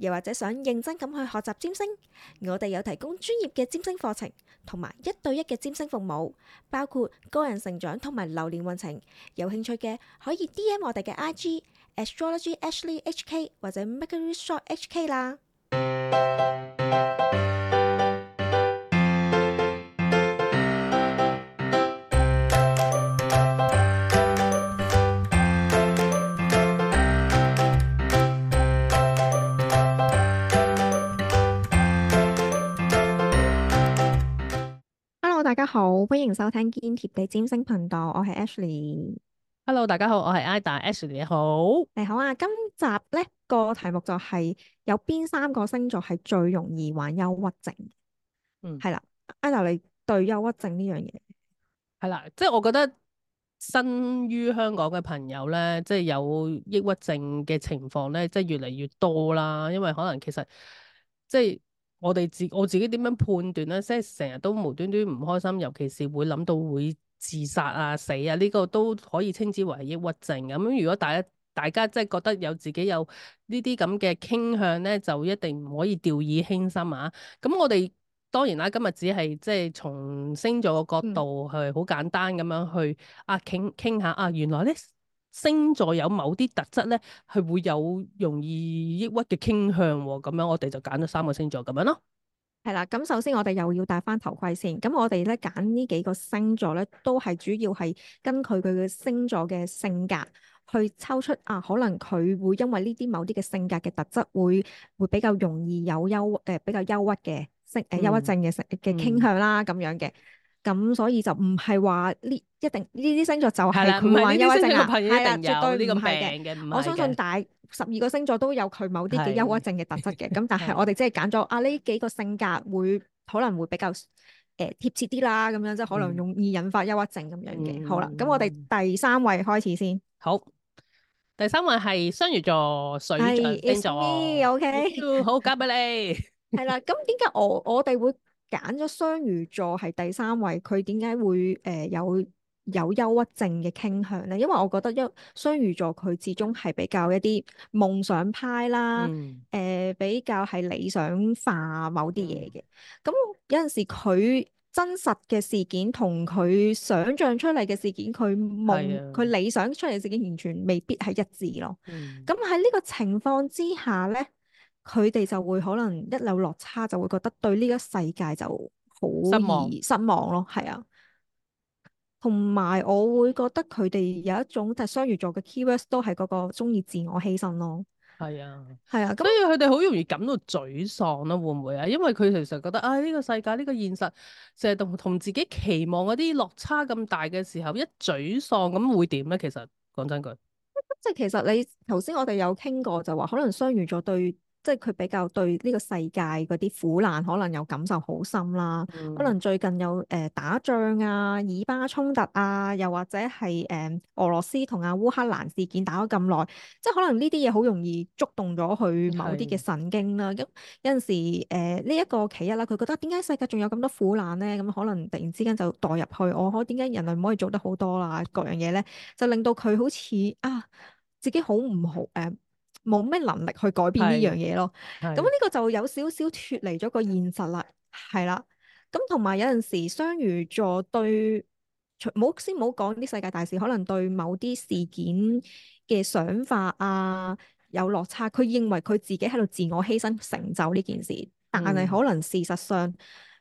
又或者想認真咁去學習占星，我哋有提供專業嘅占星課程，同埋一對一嘅占星服務，包括個人成長同埋流年運程。有興趣嘅可以 DM 我哋嘅 IG Astrology Ashley HK 或者 Mercury Shop HK 啦。大家好，歡迎收聽堅貼地占星頻道，我係 Ashley。Hello，大家好，我係 Ida，Ashley，你好。你好啊，今集咧個題目就係、是、有邊三個星座係最容易患憂鬱症？嗯，係啦，Ida，你對憂鬱症呢樣嘢係啦，即係我覺得身于香港嘅朋友咧，即係有抑鬱症嘅情況咧，即係越嚟越多啦，因為可能其實即係。我哋自我自己點樣判斷咧，即係成日都無端端唔開心，尤其是會諗到會自殺啊、死啊呢個都可以稱之為抑鬱症。咁、嗯、如果大家大家即係覺得有自己有呢啲咁嘅傾向咧，就一定唔可以掉以輕心啊！咁、嗯、我哋當然啦，今日只係即係從星座個角度去，好簡單咁樣去啊傾傾下啊，原來咧。星座有某啲特質咧，係會有容易抑鬱嘅傾向喎。咁樣我哋就揀咗三個星座咁樣咯。係啦，咁首先我哋又要戴翻頭盔先。咁我哋咧揀呢幾個星座咧，都係主要係根據佢嘅星座嘅性格去抽出啊，可能佢會因為呢啲某啲嘅性格嘅特質，會會比較容易有憂鬱嘅、呃、比較憂鬱嘅性誒憂鬱症嘅性嘅傾向啦，咁樣嘅。咁、嗯、所以就唔係話呢一定呢啲星座就係佢患憂鬱症、啊，係、啊、絕對唔係嘅。我相信大十二個星座都有佢某啲嘅憂鬱症嘅特質嘅。咁的但係我哋即係揀咗啊呢幾個性格會可能會比較誒貼、呃、切啲啦，咁樣即係可能容易，容易引發憂鬱症咁樣嘅。嗯、好啦，咁我哋第三位開始先。嗯、好，第三位係雙魚座水、的水象星座。的 o、okay. K， 好，交俾你。係 啦，咁點解我我哋會？揀咗雙魚座係第三位，佢點解會誒、呃、有有憂鬱症嘅傾向咧？因為我覺得一雙魚座佢始終係比較一啲夢想派啦，誒、嗯呃、比較係理想化某啲嘢嘅。咁、嗯、有陣時佢真實嘅事件同佢想象出嚟嘅事件，佢夢佢理想出嚟嘅事件完全未必係一致咯。咁喺呢個情況之下咧？佢哋就會可能一有落差，就會覺得對呢個世界就好失望咯，失望，係啊。同埋我會覺得佢哋有一種，就係雙魚座嘅 keywords 都係嗰個中意自我犧牲咯。係啊，係啊。所以佢哋好容易感到沮喪咯，會唔會啊？因為佢其實覺得啊，呢、哎呢個世界呢、呢個現實，就係同同自己期望嗰啲落差咁大嘅時候，一沮喪咁會點咧？其實講真句，即係其實你頭先我哋有傾過就，就話可能雙魚座對。即係佢比較對呢個世界嗰啲苦難可能有感受好深啦，嗯、可能最近有誒、呃、打仗啊、以巴衝突啊，又或者係誒、呃、俄羅斯同阿烏克蘭事件打咗咁耐，即係可能呢啲嘢好容易觸動咗佢某啲嘅神經啦。咁的有陣時誒呢一個企一啦，佢覺得點解世界仲有咁多苦難呢？咁可能突然之間就代入去，我可點解人類唔可以做得好多啦？各樣嘢呢，就令到佢好似啊自己好唔好誒？呃冇咩能力去改變呢的樣嘢咯，咁呢個就有少少脫離咗個現實啦，係啦的。咁同埋有陣時雙魚座對，冇先唔好講啲世界大事，可能對某啲事件嘅想法啊有落差，佢認為佢自己喺度自我犧牲成就呢件事，但係可能事實上、嗯、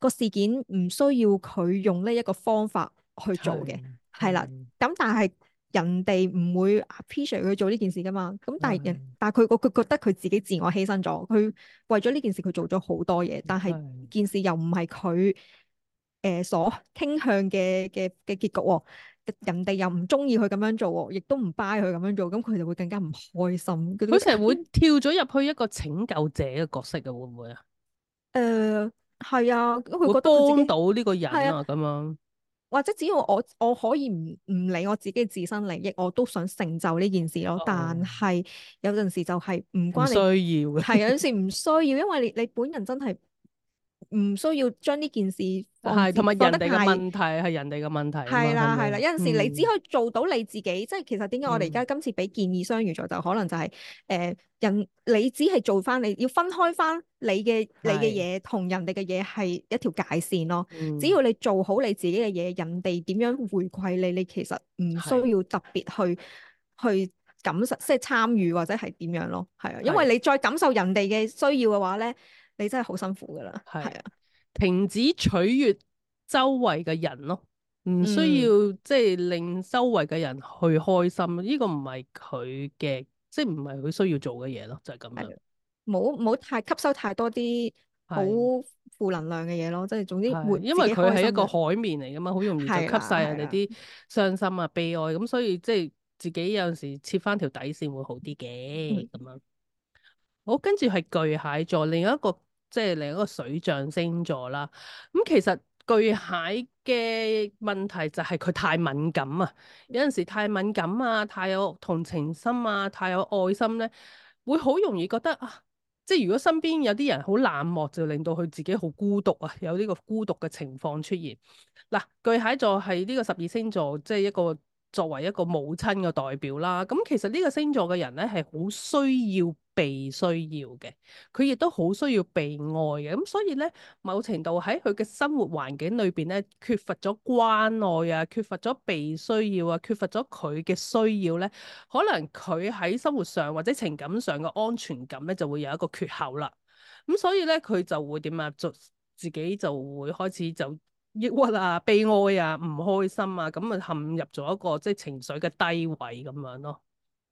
個事件唔需要佢用呢一個方法去做嘅，係啦的。咁但係。的的人哋唔會 appreciate 佢做呢件事㗎嘛，咁但係人的但係佢個佢覺得佢自己自我犧牲咗，佢為咗呢件事佢做咗好多嘢，但係件事又唔係佢誒所傾向嘅嘅嘅結局，哦，人哋又唔中意佢咁樣做，亦都唔 buy 佢咁樣做，咁佢就會更加唔開心。佢成日會跳咗入去一個拯救者嘅角色嘅會唔會啊？誒、呃，係啊，佢覺得會幫到呢個人啊咁的樣。或者只要我我可以唔唔理我自己自身利益，我都想成就呢件事咯。Oh. 但係有陣時就係唔關你，你需要嘅，係有陣時唔需要，因為你你本人真係。唔需要將呢件事係，同埋人哋嘅問題，係人哋嘅問題。係啦係啦，有陣時你只可以做到你自己，即係其實點解我哋而家今次俾建議雙魚座，就可能就係誒，人你只係做翻你，要分開翻你嘅你嘅嘢同人哋嘅嘢係一條界線咯。只要你做好你自己嘅嘢，人哋點樣回饋你，你其實唔需要特別去去感受，即係參與或者係點樣咯。係啊，因為你再感受人哋嘅需要嘅話咧。你真係好辛苦噶啦，係，係啊，停止取悅周圍嘅人咯，唔需要、嗯、即係令周圍嘅人去開心，呢個唔係佢嘅，即係唔係佢需要做嘅嘢咯，就係咁樣，係，冇冇太吸收太多啲好負能量嘅嘢咯，即係總之，因為佢係一個海綿嚟噶嘛，好容易就吸晒人哋啲傷心啊、悲哀咁，所以即係自己有陣時切翻條底線會好啲嘅，咁樣，嗯，好，跟住係巨蟹座，另一個。即係另一個水象星座啦，咁其實巨蟹嘅問題就係佢太敏感啊，有陣時太敏感啊，太有同情心啊，太有愛心咧，會好容易覺得啊，即係如果身邊有啲人好冷漠，就令到佢自己好孤獨啊，有呢個孤獨嘅情況出現。嗱，巨蟹座係呢個十二星座，即係一個。作為一個母親嘅代表啦，咁其實呢個星座嘅人咧係好需要被需要嘅，佢亦都好需要被愛嘅。咁所以咧，某程度喺佢嘅生活環境裏邊咧，缺乏咗關愛啊，缺乏咗被需要啊，缺乏咗佢嘅需要咧，可能佢喺生活上或者情感上嘅安全感咧就會有一個缺口啦。咁所以咧，佢就會點啊？就自己就會開始就。抑鬱啊、悲哀啊、唔開心啊，咁啊陷入咗一個即係情緒嘅低位咁樣咯。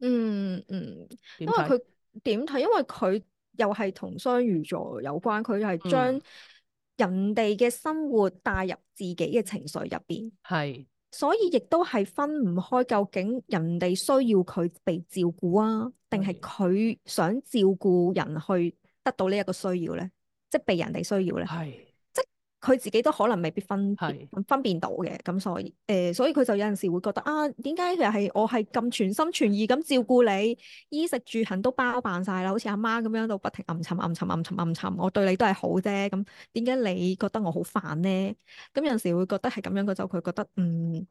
嗯嗯，因為佢點睇？因為佢又係同雙魚座有關，佢係將人哋嘅生活帶入自己嘅情緒入邊。係的，所以亦都係分唔開，究竟人哋需要佢被照顧啊，定係佢想照顧人去得到呢一個需要咧？即係被人哋需要咧？係。佢自己都可能未必分辨是分辨到嘅，咁所以誒、呃，所以佢就有陣時會覺得啊，點解又係我係咁全心全意咁照顧你，衣食住行都包辦晒啦，好似阿媽咁樣，都不停暗沉暗沉暗沉暗沉，我對你都係好啫，咁點解你覺得我好煩呢？咁有陣時會覺得係咁樣嘅就佢覺得嗯，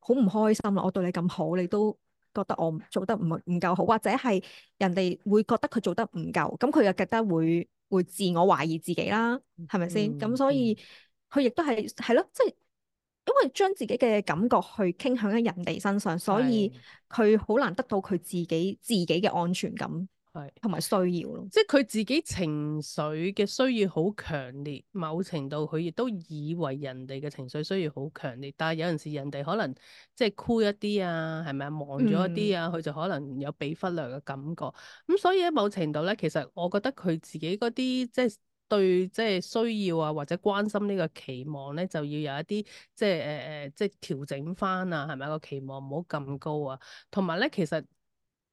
好唔開心啦，我對你咁好，你都覺得我做得唔唔夠好，或者係人哋會覺得佢做得唔夠，咁佢又覺得會。會自我懷疑自己啦，係咪先？咁所以佢亦都係係咯，即係、嗯就是、因為將自己嘅感覺去傾向喺人哋身上，的所以佢好難得到佢自己自己嘅安全感。係，同埋需要咯，即係佢自己情緒嘅需要好強烈，某程度佢亦都以為人哋嘅情緒需要好強烈，但係有陣時人哋可能即係酷一啲啊，係咪啊？忙咗一啲啊，佢就可能有被忽略嘅感覺，咁、嗯、所以喺某程度咧，其實我覺得佢自己嗰啲即係對即係需要啊，或者關心呢個期望咧，就要有一啲即係誒誒，即係調、呃、整翻啊，係咪啊？個期望唔好咁高啊，同埋咧其實。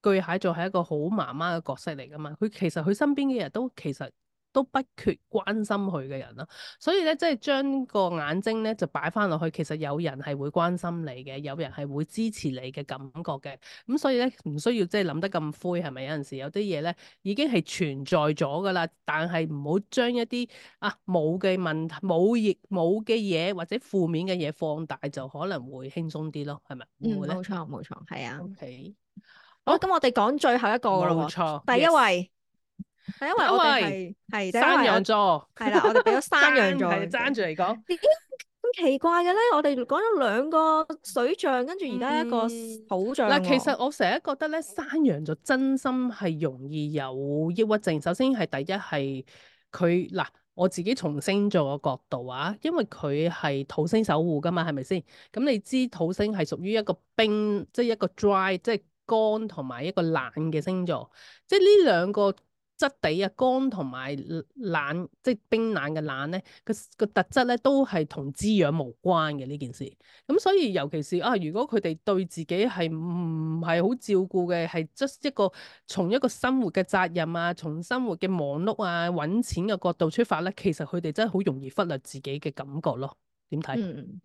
巨蟹座係一個好媽媽嘅角色嚟噶嘛，佢其實佢身邊嘅人都其實都不缺關心佢嘅人囉，所以咧即係將個眼睛咧就擺翻落去，其實有人係會關心你嘅，有人係會支持你嘅感覺嘅，咁所以咧唔需要即係諗得咁灰，係咪？有陣時有啲嘢咧已經係存在咗噶啦，但係唔好將一啲啊冇嘅問題冇冇嘅嘢或者負面嘅嘢放大就可能會輕鬆啲咯，係咪？嗯，冇錯冇錯，係啊。 okay. 好，咁、哦、我哋講最後一個喎，冇錯，第一位係因 Yes. 位， 位，係山羊座，係啦， 我哋俾咗山羊座，爭住嚟講，咁、欸、奇怪嘅咧，我哋講咗兩個水象，跟住而家一個土象。嗱、嗯，其實我成日覺得咧，山羊座真心係容易有抑鬱症。首先係第一係佢嗱，我自己從星座嘅角度啊，因為佢係土星守護噶嘛，係咪先？咁你知土星係屬於一個冰，即係一個 dry，即係。乾同埋一個冷嘅星座，即係呢兩個質地啊，乾同埋冷，即係冰冷嘅冷咧，個個特質咧都係同滋養無關嘅呢件事。咁、嗯、所以尤其是啊，如果佢哋對自己係唔係好照顧嘅，係即一個從一個生活嘅責任啊，從生活嘅忙碌啊、揾錢嘅角度出發咧，其實佢哋真係好容易忽略自己嘅感覺咯。點睇？嗯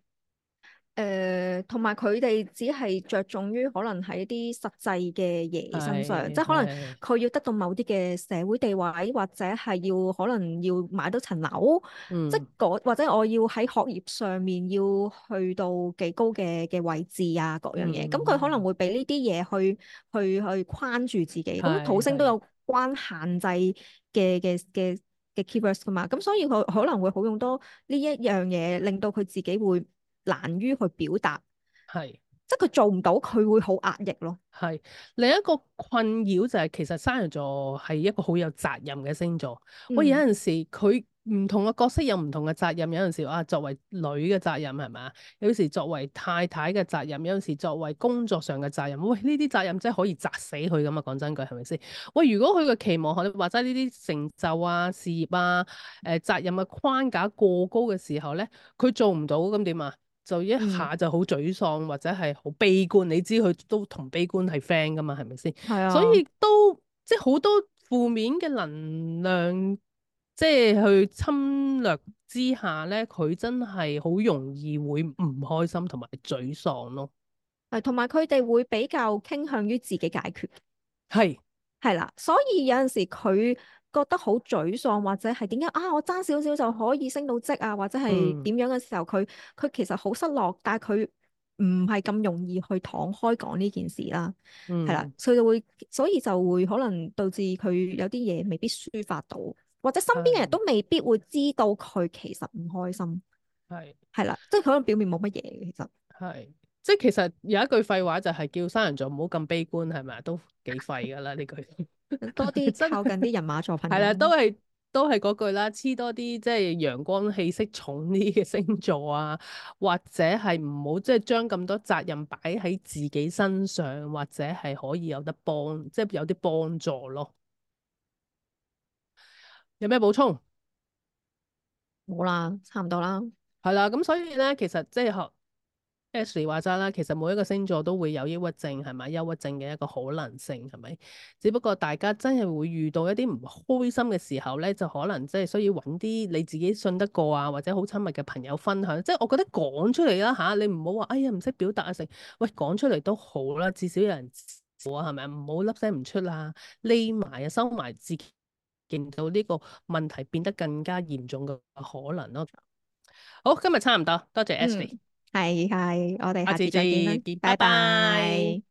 誒，同埋佢哋只係着重於可能喺啲實際嘅嘢身上，對即係可能佢要得到某啲嘅社會地位，或者係要可能要買到層樓，嗯、即係或者我要喺學業上面要去到幾高嘅嘅位置啊，各樣嘢，咁佢、嗯、可能會俾呢啲嘢去、嗯、去去框住自己。咁對土星都有關限制嘅嘅嘅嘅 keywords 噶嘛，咁所以佢可能會好用多呢一樣嘢，令到佢自己會難於去表達，係是，即係佢做唔到，佢會好壓抑咯。係另一個困擾就係、是，其實山羊座係一個好有責任嘅星座。喂，有陣時佢唔同嘅角色有唔同嘅責任，有陣時啊，作為女嘅責任係咪啊，有時作為太太嘅責任，有陣時作為工作上嘅責任，喂，呢啲責任真係可以砸死佢噶嘛，講真句係咪先？喂，如果佢嘅期望，或者呢啲成就啊、事業啊、誒、呃、責任嘅框架過高嘅時候咧，佢做唔到咁點啊？就一下就好沮喪或者係好悲觀，你知佢都同悲觀係 friend 㗎嘛，係咪先？係啊，所以都即係好多負面嘅能量，即係去侵略之下咧，佢真係好容易會唔開心同埋沮喪咯。係同埋佢哋會比較傾向於自己解決。係係啦，所以有陣時佢，覺得好沮喪或者係點樣啊？我爭少少就可以升到職啊，或者係點樣嘅時候，佢佢、嗯、其實好失落，但係佢唔係咁容易去躺開講呢件事啦。係、嗯、啦，所以就會所以就會可能導致佢有啲嘢未必抒發到，或者身邊嘅人都未必會知道佢其實唔開心。係係是啦，即係佢可能表面冇乜嘢嘅，其實係即係其實有一句廢話就係叫生人座唔好咁悲觀，係咪都幾廢噶啦呢句。 多啲即係靠近啲人馬座份、啊，係啦， 都係都係嗰句啦，黐多啲即係陽光氣息重啲嘅星座啊，或者係唔好即係將咁多責任擺喺自己身上，或者係可以有得幫，即係有啲幫助咯。有咩補充？冇啦，差唔多啦。係啦，咁所以咧，其實即係學。Ashley 話齋啦，其實每一個星座都會有抑鬱症，係咪？憂鬱症嘅一個可能性，係咪？只不過大家真係會遇到一啲唔開心嘅時候咧，就可能即係需要揾啲你自己信得過啊，或者好親密嘅朋友分享。即係我覺得講出嚟啦吓，你唔好話哎呀唔識表達啊成，喂講出嚟都好啦，至少有人知啊，係咪？唔好粒聲唔出啊，匿埋啊，收埋自己，令到呢個問題變得更加嚴重嘅可能咯。好，今日差唔多，多謝 Ashley。嗯係係，我哋下次再見，見。拜拜。拜拜。